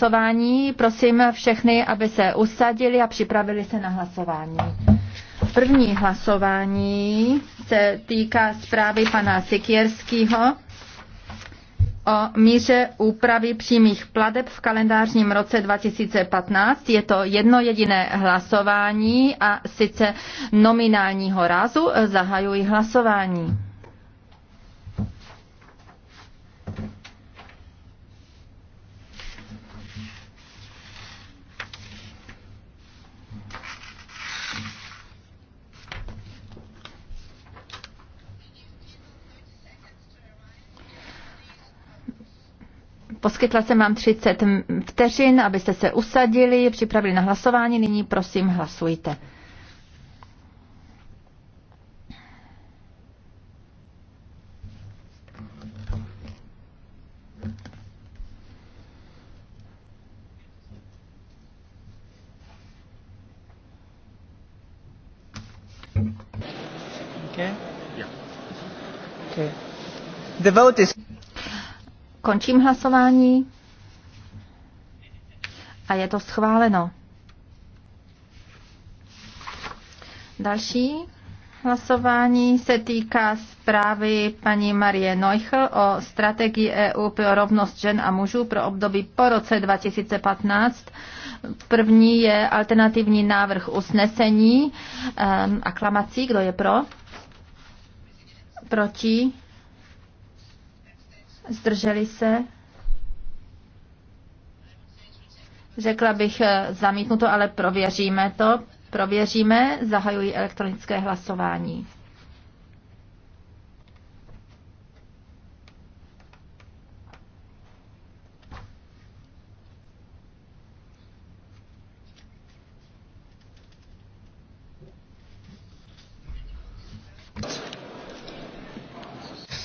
hlasování. Prosím všechny, aby se usadili a připravili se na hlasování. První hlasování se týká zprávy pana Sikierského o míře úpravy přímých pladeb v kalendářním roce 2015. Je to jedno jediné hlasování a sice nominálního rázu zahajuji hlasování. Poskytla jsem vám 30 vteřin, abyste se usadili, připravili na hlasování. Nyní prosím hlasujte. Okay. Yeah. Okay. The vote is Končím hlasování a je to schváleno. Další hlasování se týká zprávy paní Marie Neuchl o strategii EU pro rovnost žen a mužů pro období po roce 2015. První je alternativní návrh usnesení um, aklamací. Kdo je pro? Proti? zdrželi se, řekla bych eh, zamítnuto, ale prověříme to. Prověříme, zahajují elektronické hlasování.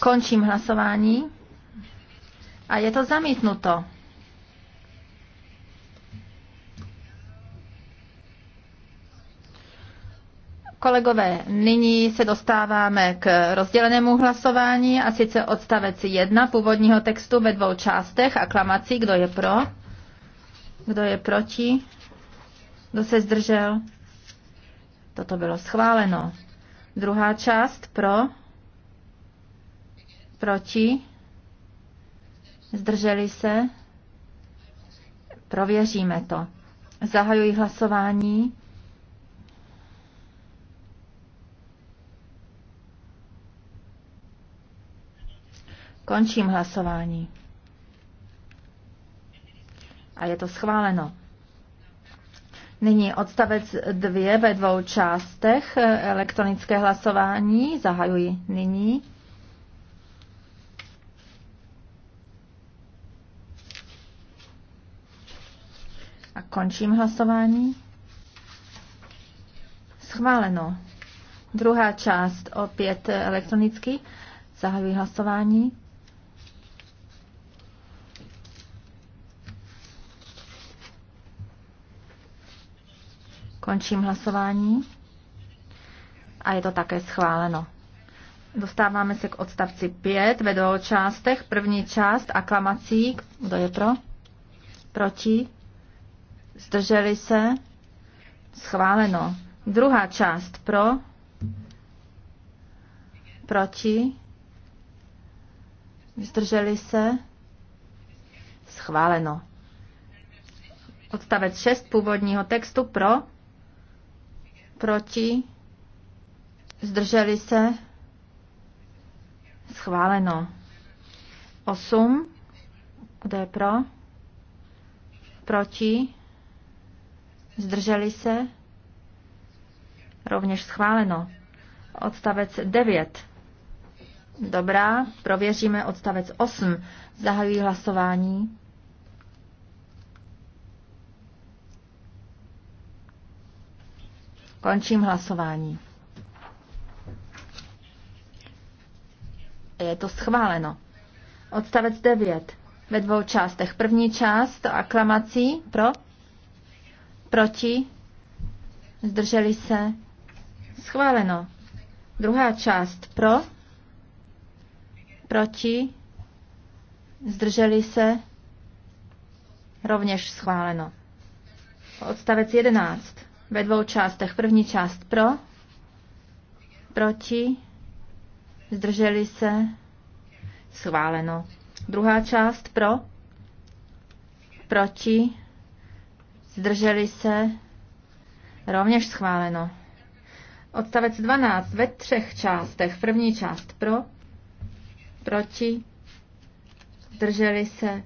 Končím hlasování. A je to zamítnuto. Kolegové, nyní se dostáváme k rozdělenému hlasování a sice odstavec 1 původního textu ve dvou částech aklamací. Kdo je pro? Kdo je proti? Kdo se zdržel? Toto bylo schváleno. Druhá část pro? Proti? Zdrželi se? Prověříme to. Zahajuji hlasování. Končím hlasování. A je to schváleno. Nyní odstavec 2 ve dvou částech eh, elektronické hlasování. Zahajuji nyní. Končím hlasování. Schváleno. Druhá část opět elektronicky. Zahajuji hlasování. Končím hlasování. A je to také schváleno. Dostáváme se k odstavci 5 ve dvou částech. První část aklamací. Kdo je pro? Proti? zdrželi se, schváleno. Druhá část pro, proti, zdrželi se, schváleno. Odstavec 6 původního textu pro, proti, zdrželi se, schváleno. 8, kde je pro, proti, Zdrželi se? Rovněž schváleno. Odstavec 9. Dobrá, prověříme odstavec 8. Zahajuji hlasování. Končím hlasování. Je to schváleno. Odstavec 9. Ve dvou částech. První část aklamací pro Proti? Zdrželi se? Schváleno. Druhá část pro? Proti? Zdrželi se? Rovněž schváleno. Odstavec 11. Ve dvou částech. První část pro? Proti? Zdrželi se? Schváleno. Druhá část pro? Proti? zdrželi se, rovněž schváleno. Odstavec 12 ve třech částech. První část pro, proti, zdrželi se,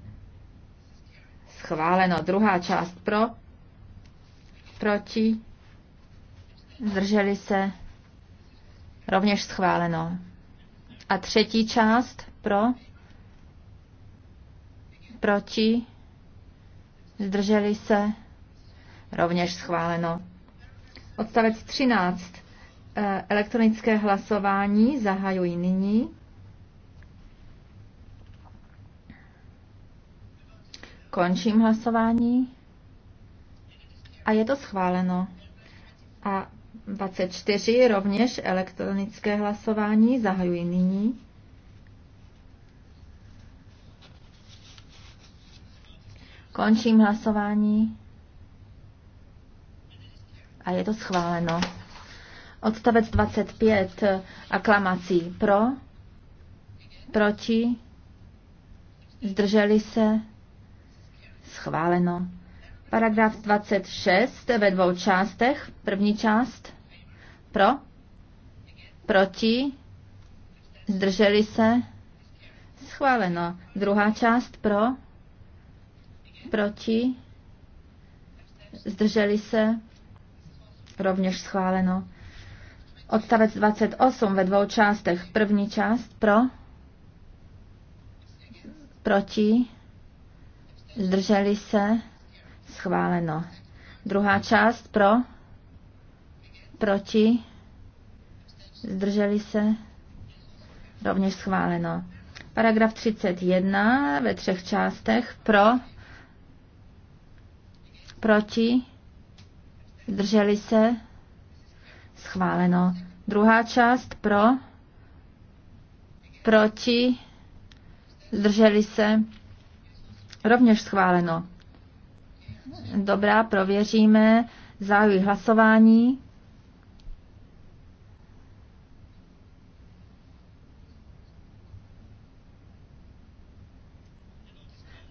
schváleno. Druhá část pro, proti, zdrželi se, rovněž schváleno. A třetí část pro, proti, zdrželi se, rovněž schváleno. Odstavec 13. Eh, elektronické hlasování zahajuji nyní. Končím hlasování. A je to schváleno. A 24 rovněž elektronické hlasování zahajuji nyní. Končím hlasování a je to schváleno. Odstavec 25 aklamací pro, proti, zdrželi se, schváleno. Paragraf 26 ve dvou částech. První část pro, proti, zdrželi se, schváleno. Druhá část pro, proti, zdrželi se, rovněž schváleno. Odstavec 28 ve dvou částech. První část pro, proti, zdrželi se, schváleno. Druhá část pro, proti, zdrželi se, rovněž schváleno. Paragraf 31 ve třech částech pro, proti, Zdrželi se? Schváleno. Druhá část pro? Proti? Zdrželi se? Rovněž schváleno. Dobrá, prověříme. Zahajuji hlasování.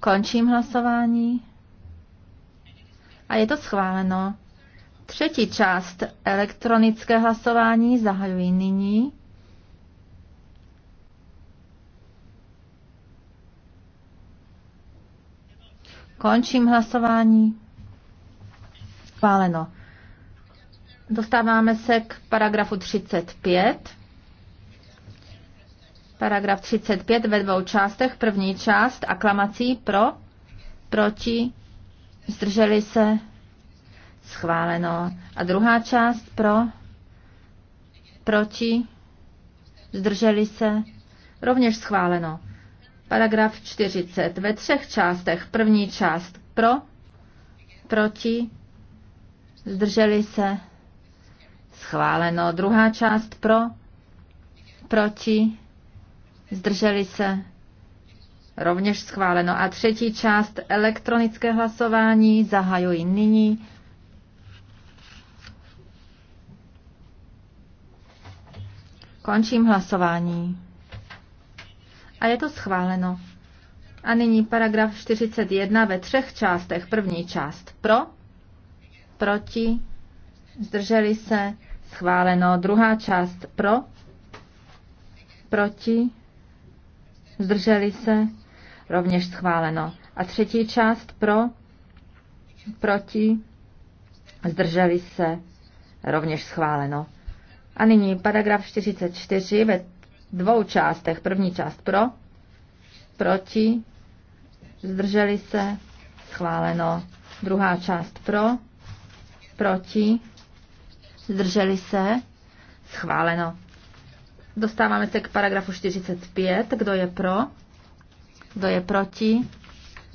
Končím hlasování. A je to schváleno. Třetí část elektronické hlasování zahajuji nyní. Končím hlasování. Schváleno. Dostáváme se k paragrafu 35. Paragraf 35 ve dvou částech. První část aklamací pro, proti, zdrželi se, Schváleno. A druhá část pro? Proti? Zdrželi se? Rovněž schváleno. Paragraf 40. Ve třech částech. První část pro, proti, zdrželi se, schváleno. Druhá část pro, proti, zdrželi se, rovněž schváleno. A třetí část elektronické hlasování zahajuji nyní. Končím hlasování. A je to schváleno. A nyní paragraf 41 ve třech částech. První část pro, proti, zdrželi se, schváleno. Druhá část pro, proti, zdrželi se, rovněž schváleno. A třetí část pro, proti, zdrželi se, rovněž schváleno. A nyní paragraf 44 ve dvou částech. První část pro, proti, zdrželi se, schváleno. Druhá část pro, proti, zdrželi se, schváleno. Dostáváme se k paragrafu 45. Kdo je pro? Kdo je proti?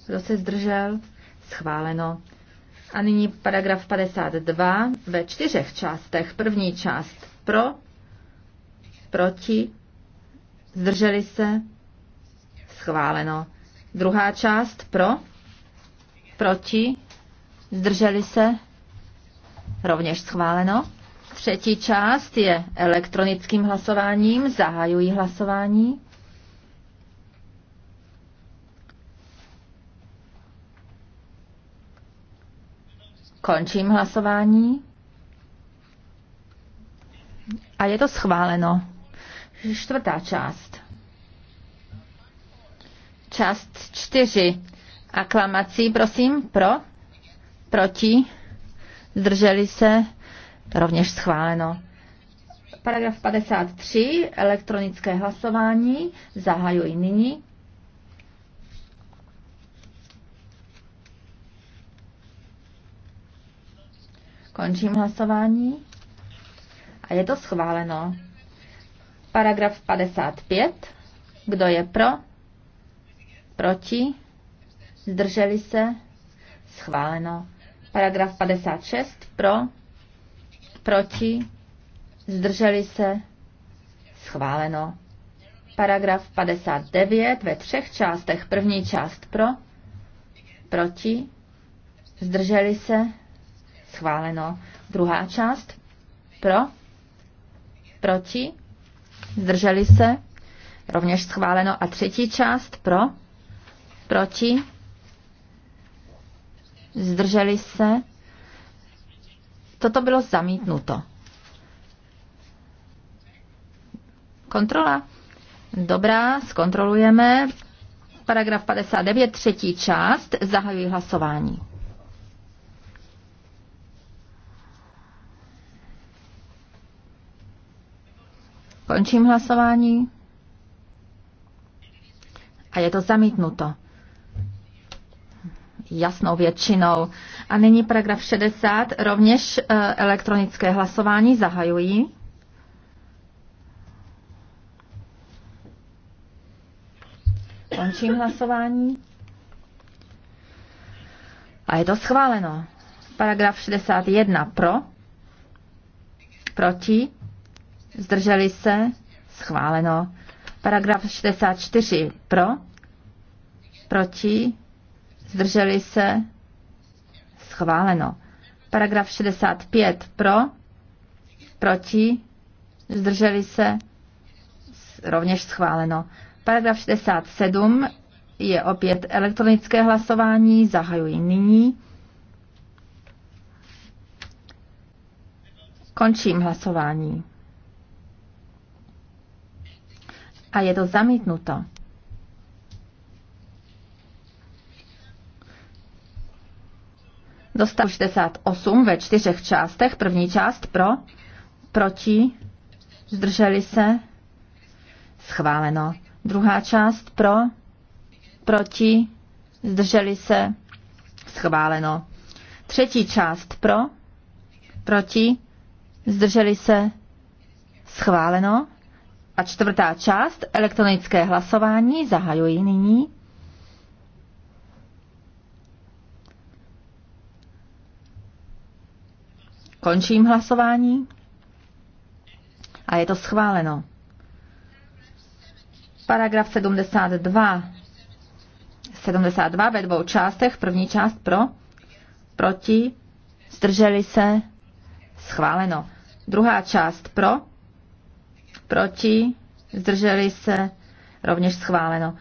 Kdo se zdržel? Schváleno. A nyní paragraf 52 ve čtyřech částech. První část pro, proti, zdrželi se, schváleno. Druhá část pro, proti, zdrželi se, rovněž schváleno. Třetí část je elektronickým hlasováním, zahajují hlasování. Končím hlasování. A je to schváleno. Čtvrtá část. Část čtyři. Aklamací, prosím, pro, proti, zdrželi se, rovněž schváleno. Paragraf 53, elektronické hlasování, zahajuji nyní. Končím hlasování. A je to schváleno. Paragraf 55. Kdo je pro? Proti? Zdrželi se? Schváleno. Paragraf 56. Pro? Proti? Zdrželi se? Schváleno. Paragraf 59 ve třech částech. První část pro? Proti? Zdrželi se? Schváleno. Druhá část pro? Proti? Zdrželi se? Rovněž schváleno. A třetí část pro? Proti? Zdrželi se? Toto bylo zamítnuto. Kontrola. Dobrá, zkontrolujeme. Paragraf 59, třetí část. Zahajuji hlasování. Končím hlasování. A je to zamítnuto. Jasnou většinou. A nyní paragraf 60, rovněž eh, elektronické hlasování zahajují. Končím hlasování. A je to schváleno. Paragraf 61 pro, proti, zdrželi se, schváleno. Paragraf 64 pro, proti, zdrželi se, schváleno. Paragraf 65 pro, proti, zdrželi se, rovněž schváleno. Paragraf 67 je opět elektronické hlasování, zahajuji nyní. Končím hlasování. a je to zamítnuto. Dostal 68 ve čtyřech částech. První část pro, proti, zdrželi se, schváleno. Druhá část pro, proti, zdrželi se, schváleno. Třetí část pro, proti, zdrželi se, schváleno. A čtvrtá část, elektronické hlasování, zahajuji nyní. Končím hlasování a je to schváleno. Paragraf 72. 72 ve dvou částech. První část pro, proti, zdrželi se, schváleno. Druhá část pro, proti, zdrželi se, rovněž schváleno.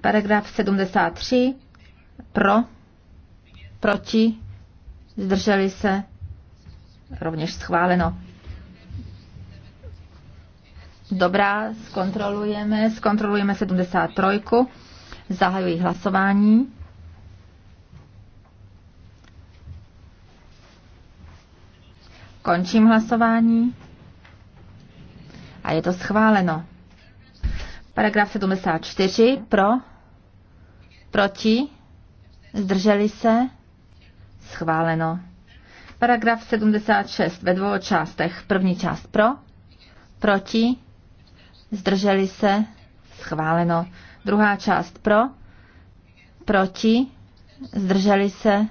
Paragraf 73, pro, proti, zdrželi se, rovněž schváleno. Dobrá, zkontrolujeme, zkontrolujeme 73. Zahajuji hlasování. Končím hlasování. A je to schváleno. Paragraf 74. Pro. Proti. Zdrželi se. Schváleno. Paragraf 76 ve dvou částech. První část pro, proti, zdrželi se, schváleno. Druhá část pro, proti, zdrželi se,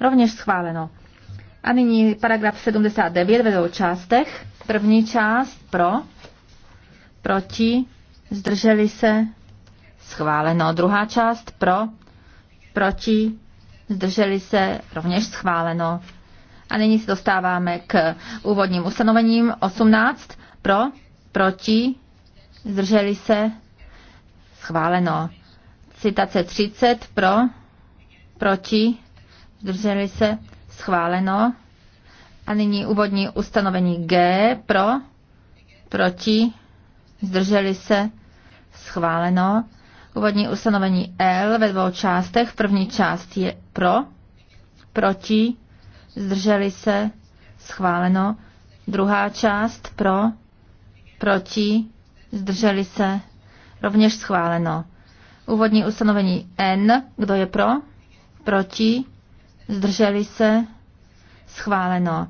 rovněž schváleno. A nyní paragraf 79 ve dvou částech. První část pro, proti, zdrželi se, schváleno. Druhá část pro, proti, zdrželi se, rovněž schváleno. A nyní se dostáváme k úvodním ustanovením 18 pro, proti, zdrželi se, schváleno. Citace 30 pro, proti, zdrželi se, schváleno. A nyní úvodní ustanovení G pro, proti, zdrželi se, schváleno. Úvodní ustanovení L ve dvou částech. První část je pro, proti, zdrželi se, schváleno. Druhá část pro, proti, zdrželi se, rovněž schváleno. Úvodní ustanovení N, kdo je pro, proti, zdrželi se, schváleno.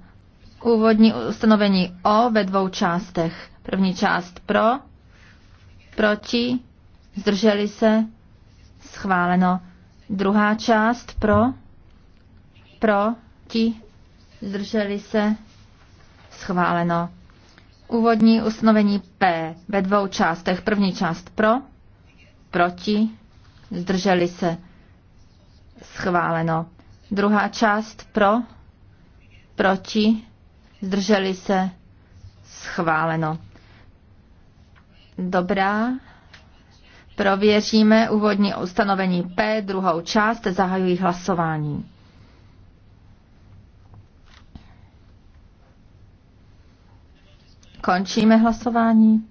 Úvodní ustanovení O ve dvou částech. První část pro, proti, zdrželi se, schváleno. Druhá část pro, proti, zdrželi se, schváleno. Úvodní ustanovení P ve dvou částech. První část pro, proti, zdrželi se, schváleno. Druhá část pro, proti, zdrželi se, schváleno. Dobrá. Prověříme úvodní ustanovení P, druhou část, zahajují hlasování. Končíme hlasování.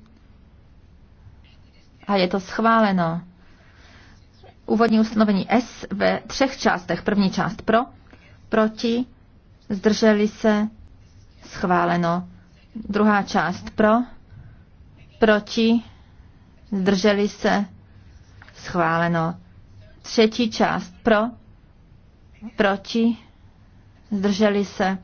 A je to schváleno. Úvodní ustanovení S ve třech částech. První část pro, proti, zdrželi se, Schváleno. Druhá část pro, proti, zdrželi se, schváleno. Třetí část pro, proti, zdrželi se,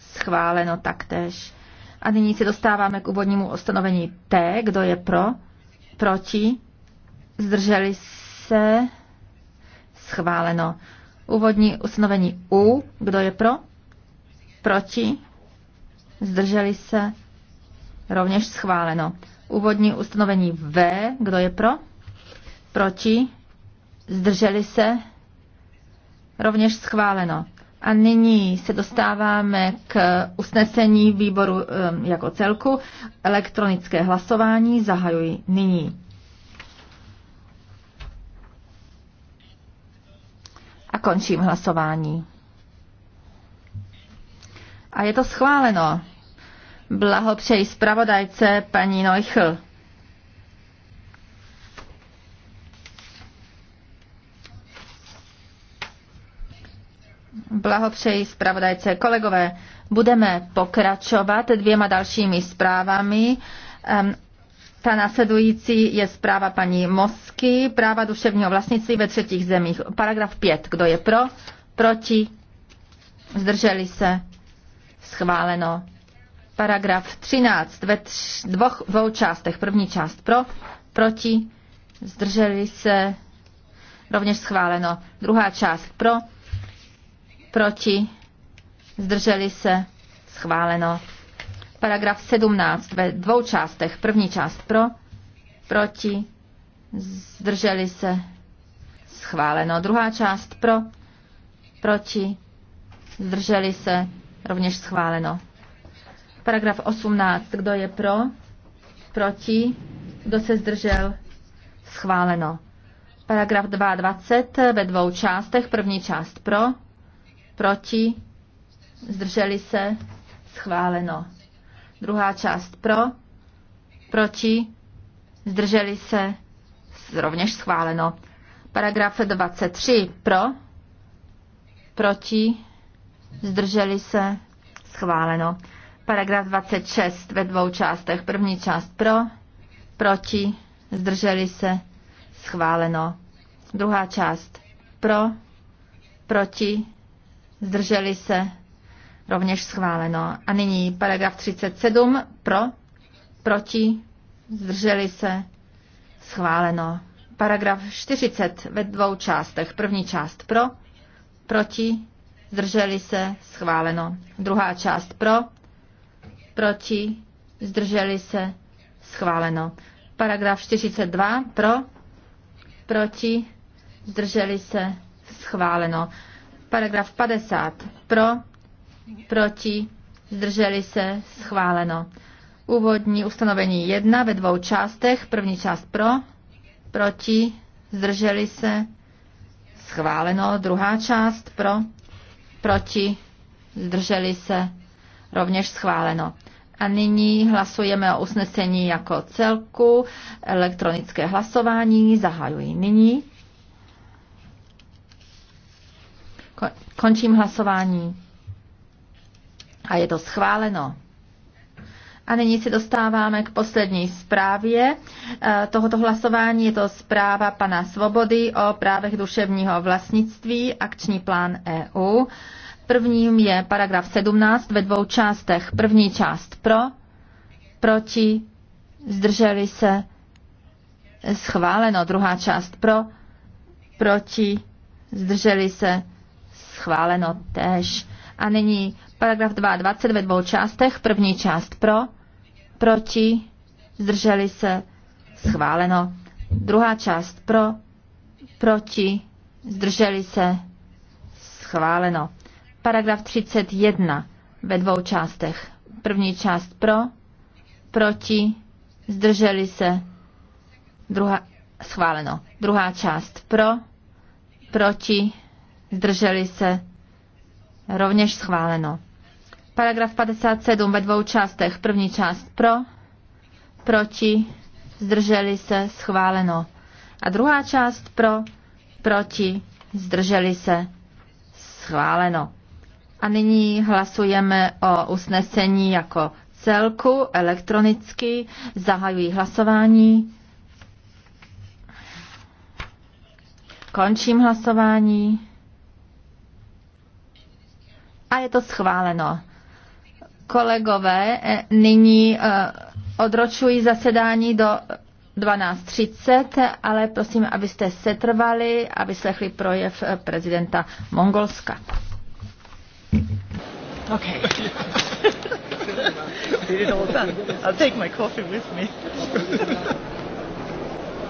schváleno taktéž. A nyní se dostáváme k úvodnímu ustanovení T, kdo je pro, proti, zdrželi se, schváleno. Úvodní ustanovení U, kdo je pro, proti, zdrželi se, rovněž schváleno. Úvodní ustanovení V, kdo je pro, proti, zdrželi se, rovněž schváleno. A nyní se dostáváme k usnesení výboru jako celku. Elektronické hlasování zahajuji nyní. A končím hlasování. A je to schváleno. Blahopřeji zpravodajce paní Neuchl. Blahopřeji zpravodajce. Kolegové, budeme pokračovat dvěma dalšími zprávami. Ta následující je zpráva paní Mosky, práva duševního vlastnictví ve třetích zemích. Paragraf 5. Kdo je pro? Proti? Zdrželi se? Schváleno. Paragraf 13 ve tř, dvoch, dvou částech. První část pro, proti, zdrželi se, rovněž schváleno. Druhá část pro, proti, zdrželi se, schváleno. Paragraf 17 ve dvou částech. První část pro, proti, zdrželi se, schváleno. Druhá část pro, proti, zdrželi se, Rovněž schváleno. Paragraf 18. Kdo je pro? Proti? Kdo se zdržel? Schváleno. Paragraf 22 ve dvou částech. První část pro, proti, zdrželi se, schváleno. Druhá část pro, proti, zdrželi se, rovněž schváleno. Paragraf 23 pro, proti, zdrželi se, schváleno. Paragraf 26 ve dvou částech. První část pro, proti, zdrželi se, schváleno. Druhá část pro, proti, zdrželi se, rovněž schváleno. A nyní paragraf 37 pro, proti, zdrželi se, schváleno. Paragraf 40 ve dvou částech. První část pro, proti, zdrželi se, schváleno. Druhá část pro, proti, zdrželi se, schváleno. Paragraf 42 pro, proti, zdrželi se, schváleno. Paragraf 50 pro, proti, zdrželi se, schváleno. Úvodní ustanovení 1 ve dvou částech. První část pro, proti, zdrželi se, schváleno. Druhá část pro, proti, zdrželi se, rovněž schváleno. A nyní hlasujeme o usnesení jako celku. Elektronické hlasování zahajuji nyní. Končím hlasování. A je to schváleno. A nyní se dostáváme k poslední zprávě eh, tohoto hlasování. Je to zpráva pana Svobody o právech duševního vlastnictví, akční plán EU. Prvním je paragraf 17 ve dvou částech. První část pro, proti, zdrželi se, schváleno. Druhá část pro, proti, zdrželi se, schváleno též. A nyní Paragraf 22 ve dvou částech. První část pro, proti, zdrželi se, schváleno. Druhá část pro, proti, zdrželi se, schváleno. Paragraf 31 ve dvou částech. První část pro, proti, zdrželi se, druhá, schváleno. Druhá část pro, proti, zdrželi se, rovněž schváleno. Paragraf 57 ve dvou částech. První část pro, proti, zdrželi se, schváleno. A druhá část pro, proti, zdrželi se, schváleno. A nyní hlasujeme o usnesení jako celku elektronicky. Zahajuji hlasování. Končím hlasování. A je to schváleno. Kolegové, eh, nyní eh, odročuji zasedání do 12.30, ale prosím, abyste setrvali a vyslechli projev eh, prezidenta Mongolska. Okay. Did it all done. I'll take my coffee with me.